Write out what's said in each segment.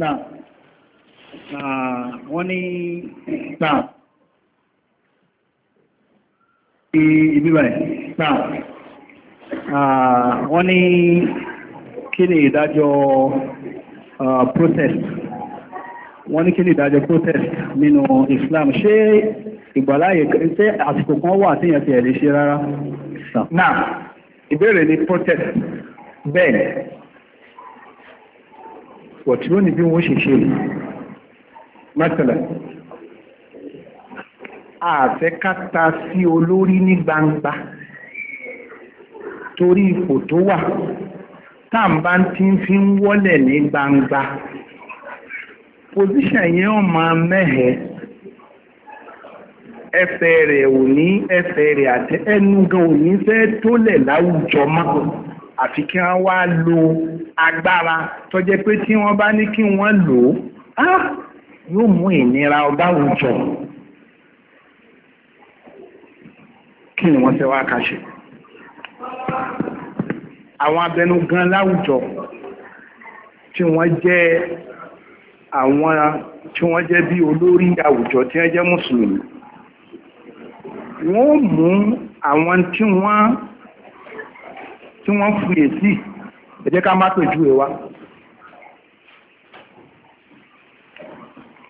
Náà. Wọ́n ní náà. Ibi báyìí. Náà. Wọ́n ní kí ni ìdájọ́ protest? Wọ́n ní kí ni ìdájọ́ protest nínú Islam? Ṣé ìgbàláyè ṣé àsìkò kan wà tí yẹn ti ẹ̀ lè ṣe rárá? Náà. Ìbéèrè ni protest. Bẹ́ẹ̀ wọ̀tí ó ní bí wọ́n ṣe ṣe mẹ́tẹ̀lẹ̀ àfẹ́káta sí olórí ní gbangba torí ipò tó wà táàmbá tí ń fi ń wọ́lẹ̀ ní gbangba pòsíṣàn yẹn ò máa mẹ́hẹ̀ẹ́ ẹsẹ̀ rẹ̀ ò ní rẹ̀ àti ẹnu gan ò fẹ́ tólẹ̀ láwùjọ mọ́ àfi kí wọ́n wá lo agbára tó jẹ́ pé tí wọ́n bá ní kí wọ́n lò ó yóò mú ìnira ọba àwùjọ kí ni wọ́n ṣe wá kàṣe àwọn abẹnugan láwùjọ tí wọ́n jẹ́ àwọn tí wọ́n jẹ́ bí olórí àwùjọ tí wọ́n jẹ́ mùsùlùmí wọ́n mú àwọn tí wọ́n tí wọ́n fòye sí ẹ jẹ́ ká má pèjú ẹ wá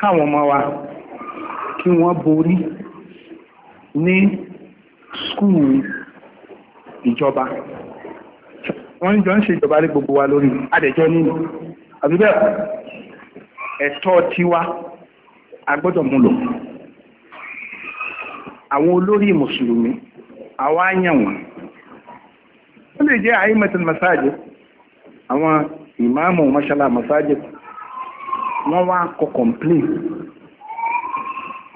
káwọn ọmọ wa kí wọ́n borí ní skúù ìjọba wọ́n jọ ń ṣe ìjọba lé gbogbo wa lórí adẹ̀jọ́ nínú àbíbẹ̀ ẹ̀tọ́ tiwa agbọ́dọ̀ mú àwọn olórí mùsùlùmí àwọn àyànwọ̀n ó lè jẹ́ àìmọ̀tún masajid àwọn ìmáàmù mọ́ṣálá masajid wọ́n wá kọ complain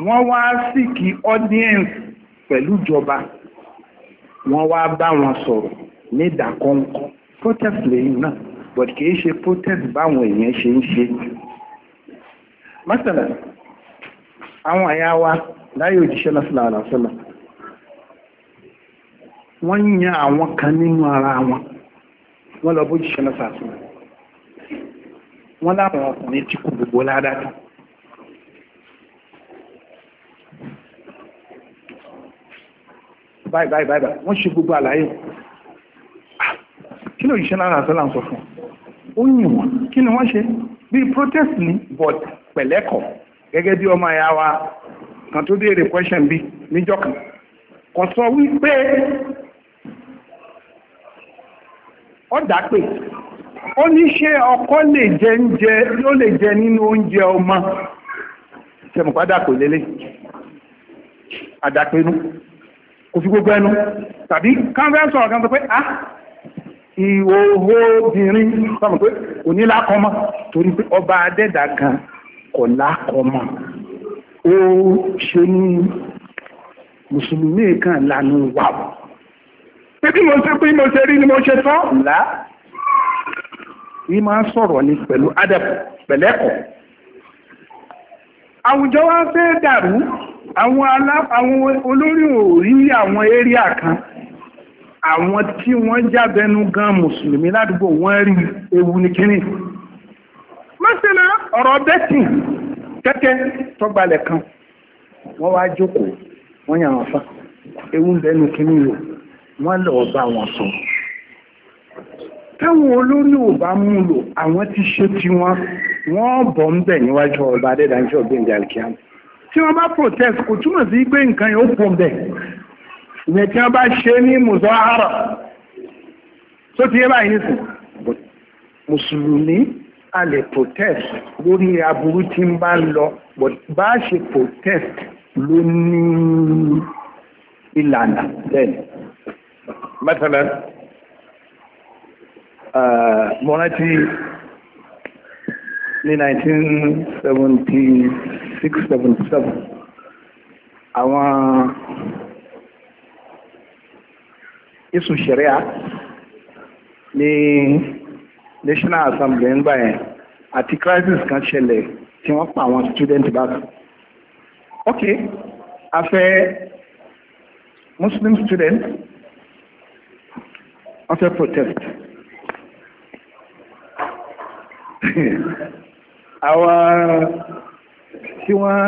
wọ́n wá síkì audience pẹ̀lú ìjọba wọ́n wá bá wọn sọ̀rọ̀ ní ìdákọ́ńkọ́ protest lẹ́yìn náà but kìí ṣe protest báwọn èèyàn ṣe ń ṣe mọ́sálà àwọn àyà wa láyé òjíṣẹ́ lọ́sọ̀lá àlàsọ́lá wọ́n yan àwọn kan nínú ara wọn wọ́n lọ bójú ṣẹlẹ̀ sàtún wọ́n láwọn ọkùnrin tí kò gbogbo ládàá tán báyìí báyìí báyìí wọ́n ṣe gbogbo àlàyé ah, kí ló ìṣẹ́ lára àṣọ́lá ń sọ fún ó yìn wọ́n kí ni wọ́n ṣe bí protest ní but pẹ̀lẹ́kọ̀ gẹ́gẹ́ bí ọmọ ẹ̀yà wa kan tó béèrè question bí níjọ́ kan kò sọ wípé ọ ó oníṣẹ́ ṣé ọkọ lè jẹ oúnjẹ ló lè jẹ nínú oúnjẹ ọmọ tẹmùpádà kò lélẹ̀ àdàpẹnu kò fi gbogbo ẹnu tàbí káńfẹ́ sọ̀rọ̀ kan pé ah ìhòhò obìnrin sọmọ pé kò ní torí pé ọba adẹ́dà kan kò lákọmọ ó ṣe ní mùsùlùmí kan lanu wàwọ̀ pé bí mo ṣe pé mo ṣe rí ni mo ṣe tán là yìí máa ń sọ̀rọ̀ ni pẹ̀lú adab pẹ̀lẹ́kọ̀ àwùjọ wa fẹ́ dàrú àwọn olórí òrí àwọn éríà kan àwọn tí wọ́n jábẹnu gan mùsùlùmí ládùúgbò wọ́n rí ewu ní kíní mọ́sílẹ̀ ọ̀rọ̀ bẹ́tìn kẹ́kẹ́ tọ́gbalẹ̀ kan wọ́n wá jókòó wọ́n yàn án fa ewu ń bẹnu kíní yòó wọ́n lọ bá wọn sọ táwọn olórí ò bá mú lò àwọn ti ṣe ti wọn wọ́n bọ̀ ń bẹ̀ níwájú ọba adédájọ́ gbẹ̀ngà alkiam tí wọ́n bá protest kò túmọ̀ sí pé nǹkan yóò pọ̀ bẹ̀ ìyẹn tí wọ́n bá ṣe ní muzahara tó ti yé báyìí nìsín mùsùlùmí a lè protest lórí aburú tí ń bá ń lọ bá ṣe protest ló ní ìlànà bẹ́ẹ̀ mẹ́tẹ̀lẹ́ mo rántí 1976-77 àwọn isu sharia ní National Assembly ń gbà yẹn crisis kan ṣẹlẹ̀ tí wọ́n pa àwọn student back. ok a Muslim students After protest àwọn tí wọ́n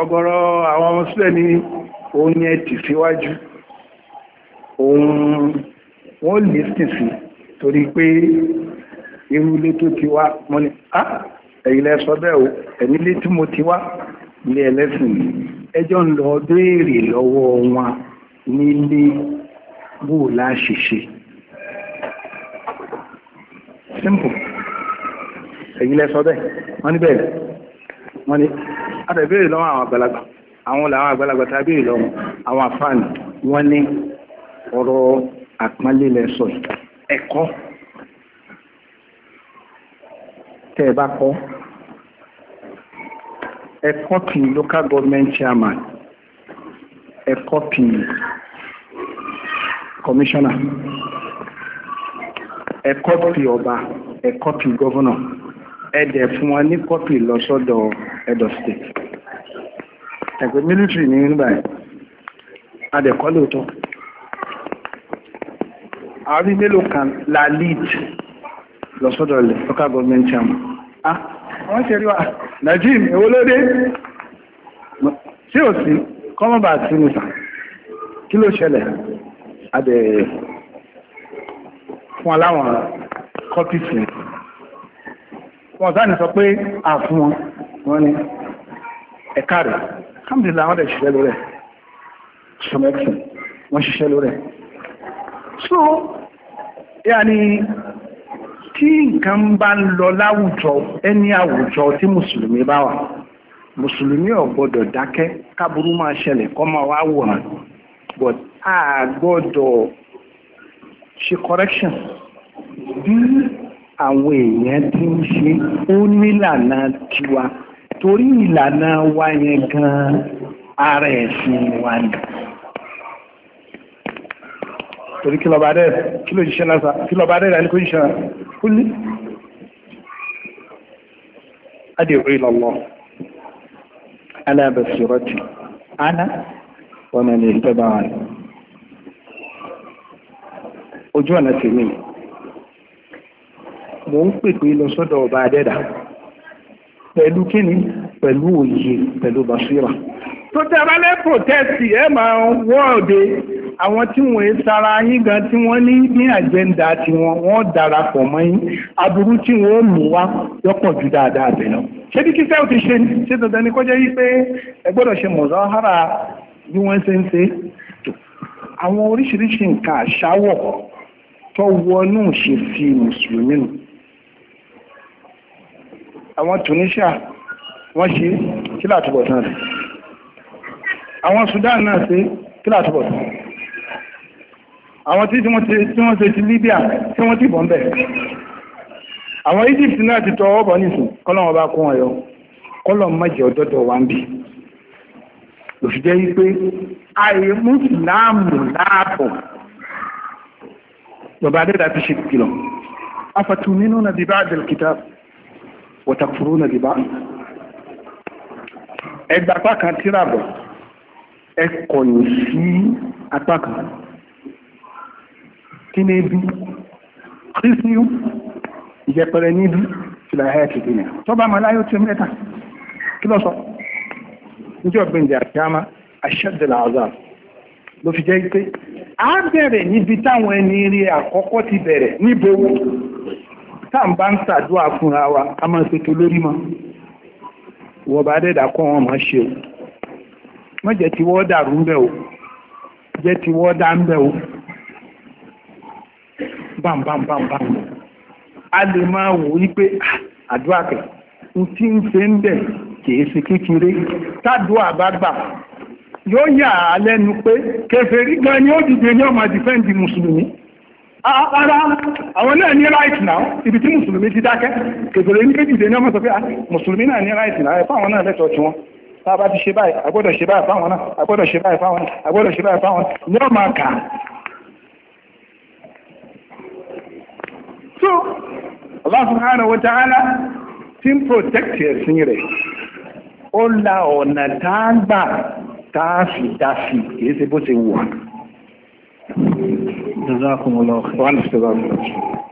ọ̀gọ̀rọ̀ àwọn ọmọ sílẹ̀ ní òun yẹn tì síwájú òun wọ́n lè sìn sí torí pé irúlé tó ti wá mọ́ ni á ẹ̀yìn lẹ́sọ bẹ́ẹ̀ o ẹ̀mí lé tí mo ti wá ilé ẹlẹ́sìn ẹjọ́ ń lọ béèrè lọ́wọ́ wọn nílé bó o la ṣe simple èyí lẹ sọ bẹ́ẹ̀ wọ́n ní bẹ́ẹ̀ wọ́n ní àtẹ̀bẹ̀rẹ̀ lọ́wọ́ àwọn àgbàlagbà àwọn làwọn àgbàlagbà tàbí lọ́wọ́ àwọn àfáàní wọ́n ní ọ̀rọ̀ àpọ́nlé lẹ sọ ẹ̀kọ́ tẹ́ ẹ bá kọ́ ẹ̀kọ́ kì local government chairman ẹ̀kọ́ kì kọmíṣánná ẹ kọ́pì ọba ẹ kọ́pì gọ́vọ́nà ẹ dẹ̀ fún wa ní kọ́pì lọ sọ́dọ̀ head of state ẹ̀pẹ́ mílítìrì ní nígbà yẹn a dẹ̀ kọ́ lóòótọ́ àárín mélòó kan la lead lọ sọ́dọ̀ ilẹ̀ local government chairman ah wọ́n ṣe rí wa Najim èwo ló dé tí ò sí kọ́mọ́bà sí nìta kí ló ṣẹlẹ̀ adẹ̀ fún aláwọn kọ́pìsì wọn sáàni sọ pé a fún wọn wọn ni ẹ̀ka rẹ̀ alhamdulillah wọn dẹ̀ ṣiṣẹ́ lórí ẹ̀ ṣọmẹ́kì wọn ṣiṣẹ́ lórí ẹ̀ so yàní tí nǹkan bá ń lọ láwùjọ ẹni àwùjọ tí mùsùlùmí bá wà mùsùlùmí ò gbọdọ̀ dákẹ́ káburú máa ṣẹlẹ̀ kọ́ máa wá wòrán but a gbọ́dọ̀ ṣe correction bí àwọn èèyàn ti ń ṣe ó nílànà tiwa torí ìlànà wa yẹn gan ara ẹ̀sìn wa ni torí kí lọ́ba dẹ́ kí ló jíṣẹ́ lásà kí lọ́ba dẹ́ ní kó jíṣẹ́ rẹ̀ ó ní adé orí lọ́wọ́ alábẹ̀sọ̀rọ̀ ti ana ومن اتبعني ojú ọ̀nà tèmi mo ń pèpè lọ sọ́dọ̀ ọba adẹ́dà pẹ̀lú kíni pẹ̀lú òye pẹ̀lú basira tó tẹ́ra lẹ́ protesti ẹ máa wọ́ọ̀dé àwọn tí wọ́n sára yín gan tí wọ́n ní ní àjẹ́ndà tí wọ́n wọ́n darapọ̀ mọ́ yín aburú tí wọ́n mú wá yọ́pọ̀ ju dáadáa bẹ̀ lọ ṣé bí kí sẹ́wọ̀n ti ṣe ṣe dandan ni kọjá yí pé ẹ gbọ́dọ̀ ṣe mọ̀záhárà bí wọ́n ṣe ń ṣe àwọn oríṣiríṣi nǹkan àṣáwọ̀ tó wọnú ṣe sí mùsùlùmí nù àwọn Tunisia wọ́n ṣe kí látúbọ̀ tán rẹ̀ àwọn Sudan náà ṣe kí látúbọ̀ tán àwọn tí wọ́n ṣe ti Libya tí wọ́n ti bọ̀ ń bẹ̀ àwọn Egypt náà ti tọ ọwọ́ nìsín kọ́lọ́wọ́ bá kún ọ̀yọ́ kọ́lọ́ mọ́jẹ̀ ọ̀dọ́dọ̀ wa ń bì òṣìṣẹ́ yí pé àìmú ìsìláàmù láàbọ̀ bàbá adẹ́dà ti ṣe kìlọ̀ afàtúnínú na bíbá àdẹ̀lkìtà wọ̀tàkùrú na bíbá ẹgbà apá kan tíràbọ̀ ẹ kọ̀yìn sí apá kan kí ní bí kírísíyù ìjẹpẹrẹ níbi fìlà ẹ̀ kìdínà tọ́ba màláyò tí ó mẹ́ta kí ló níjọ́ gbẹ̀ǹdẹ̀ àkíyàmá aṣẹ́dẹ̀lá azab ló fi jẹ́ pé a ni níbi táwọn ẹni rí àkọ́kọ́ ti bẹ̀rẹ̀ níbo táà ń bá ń ṣàdúrà fúnra wa a máa ṣètò lórí mọ́ wọ́n bá dẹ́dà kọ́ wọn máa ṣe o wọ́n jẹ́ ti wọ́n dàrú ń bẹ̀ o jẹ́ ti wọ́n dá ń bẹ̀ o bámbámbámbám a lè máa wò wípé ah, àdúrà kẹ̀ ń tí ń ṣe ń bẹ̀ kìí sí kékeré tádùá àbágbà yóò yà á lẹ́nu pé kèfèrí gan ni ó dìde ní ọmọ dìfẹ́ǹdì mùsùlùmí ara àwọn náà ní right now ibi tí mùsùlùmí ti dákẹ́ kèfèrí ní kéjìdé ní ọmọ sọ pé ah, mùsùlùmí náà ní right now ẹ̀fọ́ àwọn náà lẹ́tọ̀ọ́ tí wọ́n bá ti ṣe báyìí agbọ́dọ̀ ṣe báyìí fáwọn náà agbọ́dọ̀ ṣe báyìí fáwọn náà agbọ́dọ̀ ṣe báyìí fáwọn náà ní ọmọ kà so Allah subhanahu wa ta'ala tí ń protect ẹ̀sìn rẹ̀ ó la ọ̀nà táàgbà táàfì dáfì kìí ṣe bó ṣe wù wọ́n.